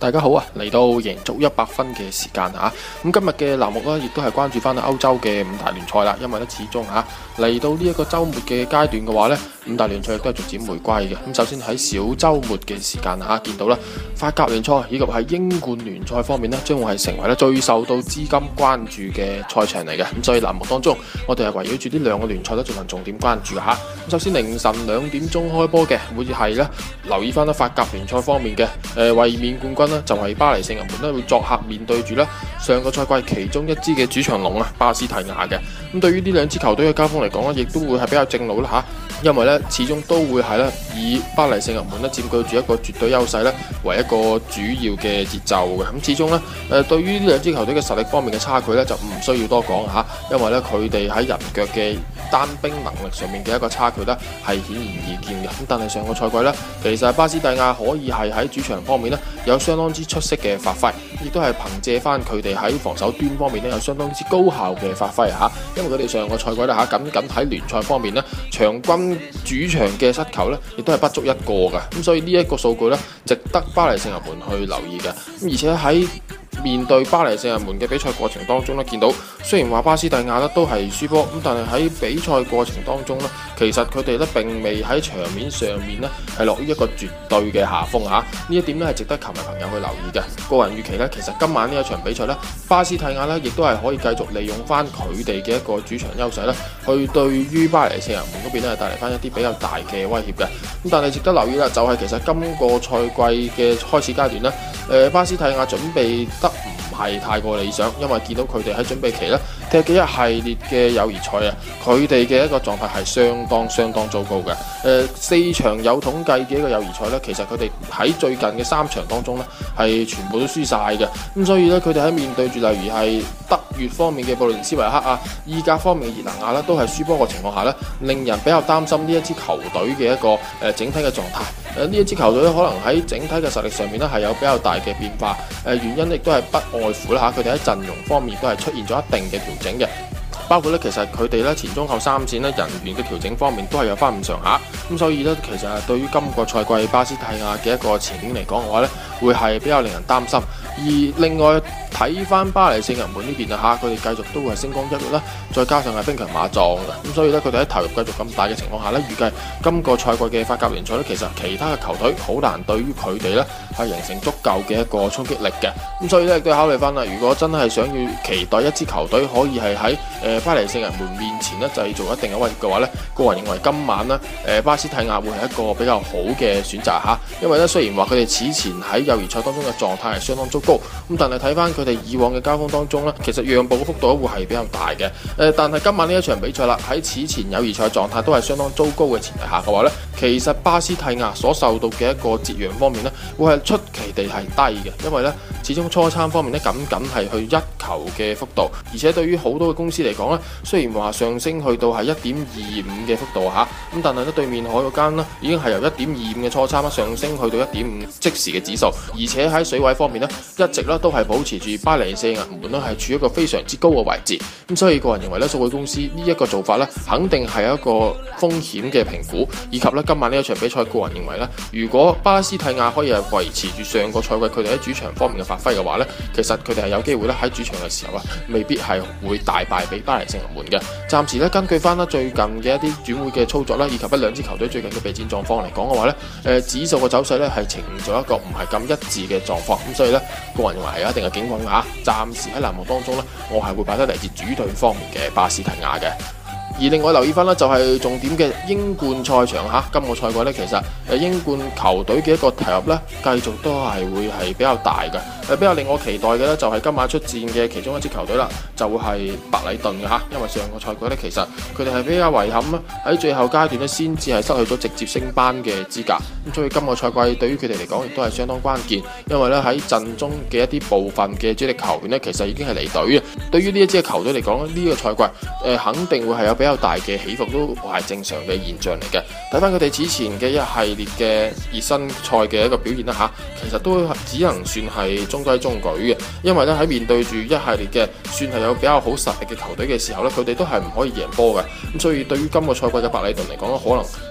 大家好來啊！嚟到贏足一百分嘅時間啊！咁今日嘅欄目咧，亦都係關注翻啊歐洲嘅五大聯賽啦。因為咧始終嚇嚟、啊、到呢一個週末嘅階段嘅話咧，五大聯賽亦都係逐漸迴歸嘅。咁、啊、首先喺小週末嘅時間嚇、啊，見到咧法甲聯賽以及喺英冠聯賽方面呢，將會係成為咧最受到資金關注嘅賽場嚟嘅。咁、啊、所以欄目當中，我哋係圍繞住呢兩個聯賽咧進行重點關注嚇。咁、啊啊、首先凌晨兩點鐘開波嘅，會係咧留意翻咧法甲聯賽方面嘅誒衛冕冠軍。就係巴黎聖日門咧，會作客面對住咧上個賽季其中一支嘅主場龍啊，巴斯提亞嘅。咁對於呢兩支球隊嘅交鋒嚟講咧，亦都會係比較正路啦吓。因為咧始終都會係咧以巴黎聖日門咧佔據住一個絕對優勢咧為一個主要嘅節奏嘅，咁始終咧誒對於呢兩支球隊嘅實力方面嘅差距咧就唔需要多講吓，因為咧佢哋喺人腳嘅單兵能力上面嘅一個差距咧係顯而易見嘅，咁但係上個賽季咧其實巴斯蒂亞可以係喺主場方面咧有相當之出色嘅發揮，亦都係憑借翻佢哋喺防守端方面咧有相當之高效嘅發揮吓，因為佢哋上個賽季咧吓僅僅喺聯賽方面咧場均主場嘅失球呢亦都係不足一個噶，咁所以呢一個數據呢值得巴黎聖日門去留意嘅，咁而且喺，面對巴黎聖日門嘅比賽過程當中咧，見到雖然話巴斯蒂亞咧都係輸波咁，但係喺比賽過程當中呢，其實佢哋咧並未喺場面上面呢係落於一個絕對嘅下風嚇。呢一點呢係值得球迷朋友去留意嘅。個人預期呢，其實今晚呢一場比賽呢，巴斯蒂亞呢亦都係可以繼續利用翻佢哋嘅一個主場優勢呢去對於巴黎聖日門嗰邊咧帶嚟翻一啲比較大嘅威脅嘅。咁但係值得留意啦，就係、是、其實今個賽季嘅開始階段呢。巴斯蒂亞準備得唔係太過理想，因為見到佢哋喺準備期呢踢嘅一系列嘅友誼賽啊，佢哋嘅一個狀態係相當相當糟糕嘅。誒、呃，四場有統計嘅一個友誼賽呢，其實佢哋喺最近嘅三場當中呢係全部都輸晒嘅。咁所以呢，佢哋喺面對住例如係德國方面嘅布倫斯維克啊、意甲方面嘅熱那亞呢，都係輸波嘅情況下呢，令人比較擔心呢一支球隊嘅一個整體嘅狀態。呢一支球隊可能喺整體嘅實力上面係有比較大嘅變化，原因亦都係不外乎啦嚇，佢哋喺陣容方面都係出現咗一定嘅調整嘅。包括咧，其實佢哋咧前中後三線咧人員嘅調整方面都係有翻咁上下，咁所以咧其實對於今個賽季巴斯蒂亞嘅一個前景嚟講嘅話咧，會係比較令人擔心。而另外睇翻巴黎聖人門呢邊啊嚇，佢哋繼續都會係星光熠熠啦，再加上係兵強馬壯嘅，咁所以咧佢哋喺投入繼續咁大嘅情況下咧，預計今個賽季嘅法甲聯賽咧，其實其他嘅球隊好難對於佢哋咧係形成足夠嘅一個衝擊力嘅。咁所以咧都要考慮翻啦，如果真係想要期待一支球隊可以係喺誒。呃巴黎聖人門面前咧，製造一定嘅威脅嘅話咧，個人認為今晚咧，誒巴斯蒂亞會係一個比較好嘅選擇嚇，因為咧雖然話佢哋此前喺友誼賽當中嘅狀態係相當糟糕，咁但係睇翻佢哋以往嘅交鋒當中咧，其實讓步嘅幅度咧會係比較大嘅，誒但係今晚呢一場比賽啦，喺此前友誼賽狀態都係相當糟糕嘅前提下嘅話咧，其實巴斯蒂亞所受到嘅一個折讓方面咧，會係出奇地係低嘅，因為咧始終初餐方面咧僅僅係去一球嘅幅度，而且對於好多嘅公司嚟講，雖然話上升去到係一點二五嘅幅度吓，咁但係咧對面海嗰間已經係由一點二五嘅錯差啦上升去到一點五即時嘅指數，而且喺水位方面一直都係保持住巴黎聖日門咧係處一個非常之高嘅位置，咁所以個人認為呢數據公司呢一個做法肯定係一個風險嘅評估，以及呢，今晚呢一場比賽，個人認為呢如果巴斯蒂亞可以係維持住上個賽季佢哋喺主場方面嘅發揮嘅話呢，其實佢哋係有機會咧喺主場嘅時候啊未必係會大敗俾巴。提升人門嘅，暫時咧根據翻啦最近嘅一啲轉會嘅操作啦，以及一兩支球隊最近嘅備戰狀況嚟講嘅話咧，誒指數嘅走勢咧係呈現咗一個唔係咁一致嘅狀況，咁所以咧個人認為係有一定嘅警訊嘅吓。暫時喺藍幕當中咧，我係會擺得嚟自主隊方面嘅巴斯提亞嘅。而另外留意翻咧，就係重點嘅英冠賽場吓，今個賽季咧，其實誒英冠球隊嘅一個投入咧，繼續都係會係比較大嘅。誒比較令我期待嘅咧，就係今晚出戰嘅其中一支球隊啦，就係白禮頓嘅吓，因為上個賽季咧，其實佢哋係比較遺憾啦，喺最後階段咧先至係失去咗直接升班嘅資格。咁所以今個賽季對於佢哋嚟講，亦都係相當關鍵，因為咧喺陣中嘅一啲部分嘅主力球員咧，其實已經係離隊啊。對於呢一支球隊嚟講咧，呢個賽季誒肯定會係有比較較大嘅起伏都係正常嘅現象嚟嘅，睇翻佢哋此前嘅一系列嘅熱身賽嘅一個表現啦吓，其實都只能算係中規中矩嘅，因為咧喺面對住一系列嘅算係有比較好實力嘅球隊嘅時候咧，佢哋都係唔可以贏波嘅，咁所以對於今個賽季嘅百里頓嚟講咧，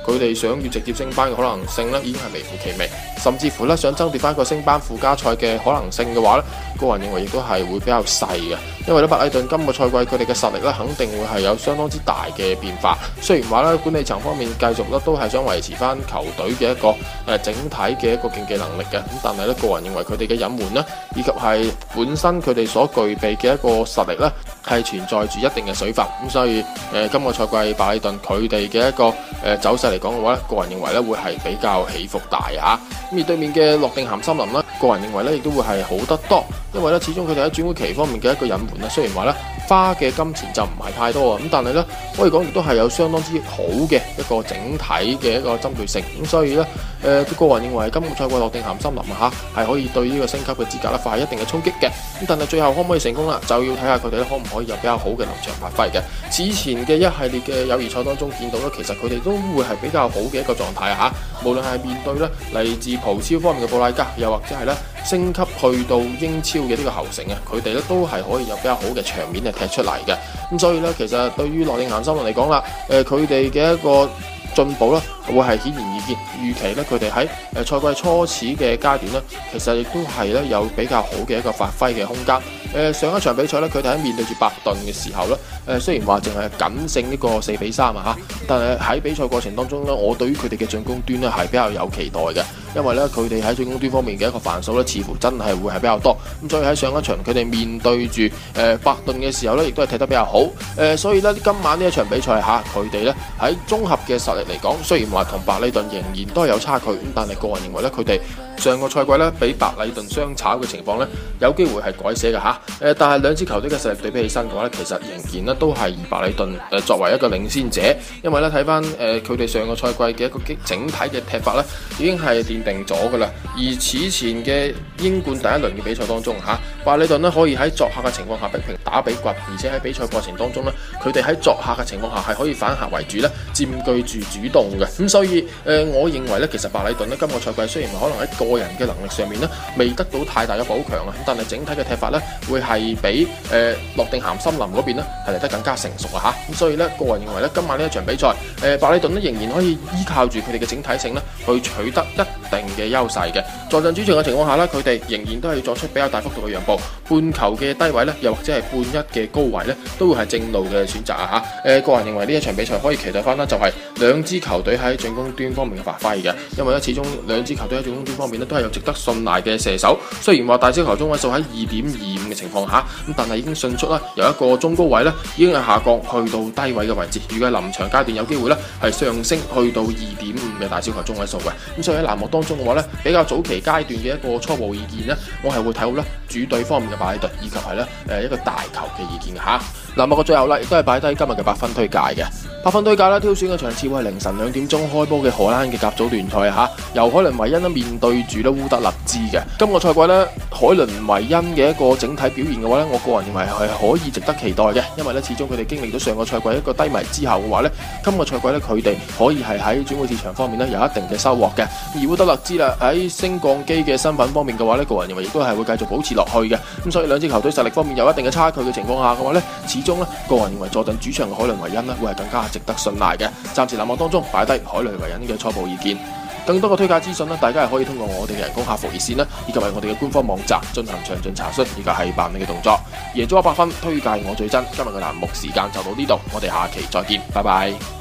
可能佢哋想要直接升班嘅可能性咧，已經係微乎其微。甚至乎咧，想爭奪翻個升班附加賽嘅可能性嘅話咧，個人認為亦都係會比較細嘅，因為咧，白禮頓今個賽季佢哋嘅實力咧，肯定會係有相當之大嘅變化。雖然話咧，管理層方面繼續咧都係想維持翻球隊嘅一個誒整體嘅一個競技能力嘅，但係咧，個人認為佢哋嘅隱瞞咧，以及係本身佢哋所具備嘅一個實力咧，係存在住一定嘅水分，咁所以誒、呃、今個賽季巴里頓佢哋嘅一個誒、呃、走勢嚟講嘅話咧，個人認為咧會係比較起伏大啊！咁而對面嘅諾定咸森林咧，個人認為咧亦都會係好得多。因為咧，始終佢哋喺轉會期方面嘅一個隱瞞啦。雖然話咧花嘅金錢就唔係太多啊，咁但係咧可以講亦都係有相當之好嘅一個整體嘅一個針對性。咁所以咧，誒、呃，個人認為今個賽季落定咸森林諾定咸森林啊吓，係可以對呢個升級嘅資格咧，係一定嘅衝擊嘅。咁但係最後可唔可以成功啦，就要睇下佢哋咧可唔可以有比較好嘅臨場發揮嘅。此前嘅一系列嘅友誼賽當中見到咧，其實佢哋都會係比較好嘅一個狀態啊吓。無論係面對咧嚟自葡超方面嘅布拉加，又或者係咧。升級去到英超嘅呢個後程，啊，佢哋都係可以有比較好嘅場面踢出嚟嘅，咁所以呢，其實對於諾丁漢森林嚟講啦，誒佢哋嘅一個進步啦，會係顯然易見，預期咧佢哋喺誒賽季初始嘅階段呢，其實亦都係咧有比較好嘅一個發揮嘅空間。誒、呃、上一場比賽咧，佢哋喺面對住伯頓嘅時候咧，誒、呃、雖然話淨係僅勝呢個四比三啊吓，但係喺比賽過程當中咧，我對於佢哋嘅進攻端咧係比較有期待嘅，因為咧佢哋喺進攻端方面嘅一個犯數咧似乎真係會係比較多。咁所以喺上一場佢哋面對住誒伯頓嘅時候咧，亦都係踢得比較好。誒、呃、所以咧今晚呢一場比賽吓，佢哋咧喺綜合嘅實力嚟講，雖然話，同白里頓仍然都係有差距，但係個人認為咧，佢哋上個賽季咧比白里頓相炒嘅情況咧，有機會係改寫嘅吓。誒，但係兩支球隊嘅實力對比起身嘅話咧，其實仍然咧都係以白里頓誒作為一個領先者，因為咧睇翻誒佢哋上個賽季嘅一個整整體嘅踢法咧，已經係奠定咗噶啦。而此前嘅英冠第一輪嘅比賽當中吓。白里頓咧可以喺作客嘅情況下逼平打比掘，而且喺比賽過程當中咧，佢哋喺作客嘅情況下係可以反客為主咧，佔據住主動嘅。咁所以誒、呃，我認為咧，其實白里頓咧今個賽季雖然可能喺個人嘅能力上面咧未得到太大嘅補強啊，但係整體嘅踢法咧會係比誒，諾、呃、定咸森林嗰邊咧係嚟得更加成熟啊吓。咁所以咧，個人認為咧，今晚呢一場比賽，誒、呃，白里頓咧仍然可以依靠住佢哋嘅整體性咧，去取得一定嘅優勢嘅。坐陣主場嘅情況下咧，佢哋仍然都係要作出比較大幅度嘅讓步。半球嘅低位咧，又或者係半一嘅高位咧，都會係正路嘅選擇啊吓！誒、呃，個人認為呢一場比賽可以期待翻呢，就係兩支球隊喺進攻端方面嘅發揮嘅。因為咧，始終兩支球隊喺進攻端方面呢，都係有值得信賴嘅射手。雖然話大小球中位數喺二點二五嘅情況下，咁但係已經迅速啦，由一個中高位咧已經係下降去到低位嘅位置，預計臨場階段有機會咧係上升去到二點五嘅大小球中位數嘅。咁所以喺欄目當中嘅話呢，比較早期階段嘅一個初步意見呢，我係會睇好咧主隊。方面嘅擺隊，以及係咧誒一個大球嘅意見吓。嗱，莫過最後啦，亦都係擺低今日嘅八分推介嘅。八分推介啦，挑選嘅場次會係凌晨兩點鐘開波嘅荷蘭嘅甲組聯賽吓。由海倫維恩咧面對住咧烏德勒支嘅。今個賽季咧，海倫維恩嘅一個整體表現嘅話呢，我個人認為係可以值得期待嘅。因為咧，始終佢哋經歷咗上個賽季一個低迷之後嘅話呢，今個賽季咧佢哋可以係喺轉會市場方面咧有一定嘅收穫嘅。而烏德勒支啦喺升降機嘅身份方面嘅話呢，個人認為亦都係會繼續保持落去。咁所以兩支球隊實力方面有一定嘅差距嘅情況下，嘅話呢，始終咧，個人認為坐鎮主場嘅海倫維恩咧會係更加值得信賴嘅。暫時欄目當中擺低海倫維恩嘅初步意見。更多嘅推介資訊呢，大家係可以通過我哋嘅人工客服熱線啦，以及係我哋嘅官方網站進行詳盡查詢，以及係辦理嘅動作。贏足 100FUN，推介我最真。今日嘅欄目時間就到呢度，我哋下期再見，拜拜。